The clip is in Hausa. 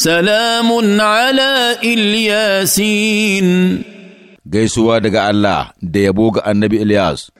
Salamun ala Ilyasin. Gaisuwa daga Allah da yabo ga annabi Ilyas.